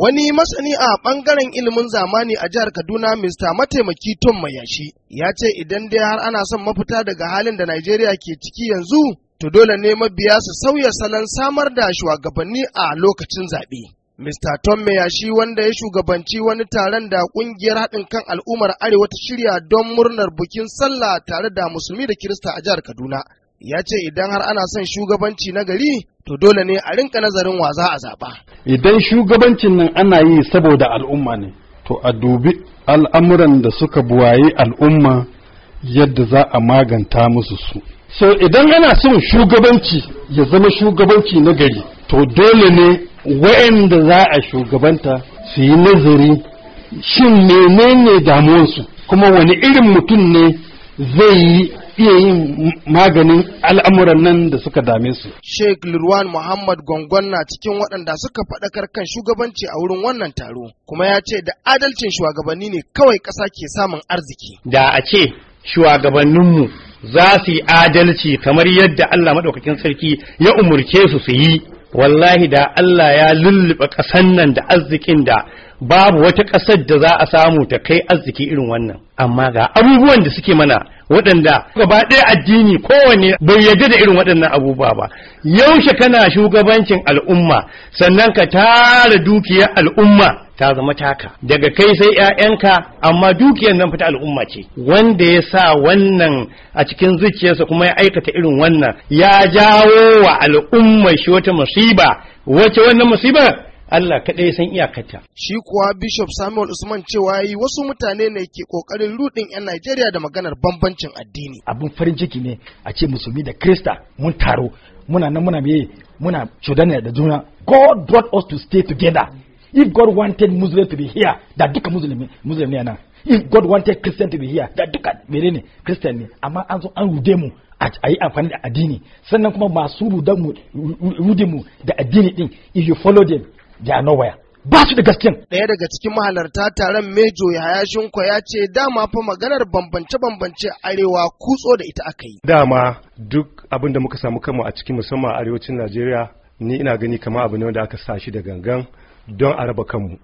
Wani masani a ɓangaren ilimin zamani a jihar Kaduna, Mr. Mataimaki Tom Mayashi, ya ce idan dai har ana son mafita daga halin da Najeriya ke ciki yanzu, to dole ne mabiya su sauya salon samar da shugabanni a lokacin zaɓe. Mr. Tom Mayashi wanda ya shugabanci wani taron da ƙungiyar haɗin kan al'ummar Arewa ta shirya don murnar bukin sallah tare da musulmi da Kirista a jihar Kaduna ya ce idan har ana son shugabanci na gari to dole ne a rinka nazarin wa za a zaɓa. Idan shugabancin nan ana yi saboda al'umma ne, to a dubi al'amuran da suka buwaye al'umma yadda za a maganta musu su. So idan ana son shugabanci ya zama shugabanci na gari, to dole ne waɗanda za a shugabanta su yi nazari shin menene damuwarsu kuma wani irin mutum ne zai yi iya yin maganin al'amuran nan da suka dame su. Sheikh Lurwan Muhammad Gongon na cikin waɗanda suka faɗakar kan shugabanci a wurin wannan taro, kuma ya ce da adalcin shugabanni ne kawai ƙasa ke samun arziki. Da a ce shugabanninmu za su yi adalci kamar yadda Allah maɗaukakin sarki ya umurce su su yi. Wallahi da Allah ya lulluɓe ƙasan nan da arzikin da babu wata ƙasar da za a samu ta kai arziki irin wannan. amma ga abubuwan da suke mana waɗanda gaba ɗaya addini kowane bai yarda da irin waɗannan abubuwa ba yaushe kana shugabancin al'umma sannan ka tara dukiyar al'umma ta zama taka daga kai sai 'ya'yanka amma dukiyar nan fita al'umma ce wanda ya sa wannan a cikin zuciyarsa kuma ya aikata irin wannan ya jawo wa al'umma shi wata musiba wace wannan musibar Allah kaɗai san iyakata. Shi kuwa Bishop Samuel Usman cewa yi wasu mutane ne ke ƙoƙarin rudin 'yan Najeriya da maganar bambancin addini. Abin farin ciki ne a ce musulmi da Krista mun taro muna nan muna meye muna cudanya da juna. God brought us to stay together. If God wanted Muslim to be here, da duka Muslim Muslim ne nan. If God wanted Christian to be here, da duka ne Christian ne. Amma an zo an rude mu a yi amfani da addini sannan kuma masu rude mu da addini din if you follow them they nowhere ba su da gaskiyan. Ɗaya daga cikin mahalarta taron Mejo Yahaya Shinko ya ce dama fa maganar bambance-bambance arewa kutso da ita aka yi. Dama duk abin da muka samu kanmu a cikin musamman arewacin Najeriya ni ina gani kama abu ne wanda aka sa shi da gangan don a raba kanmu.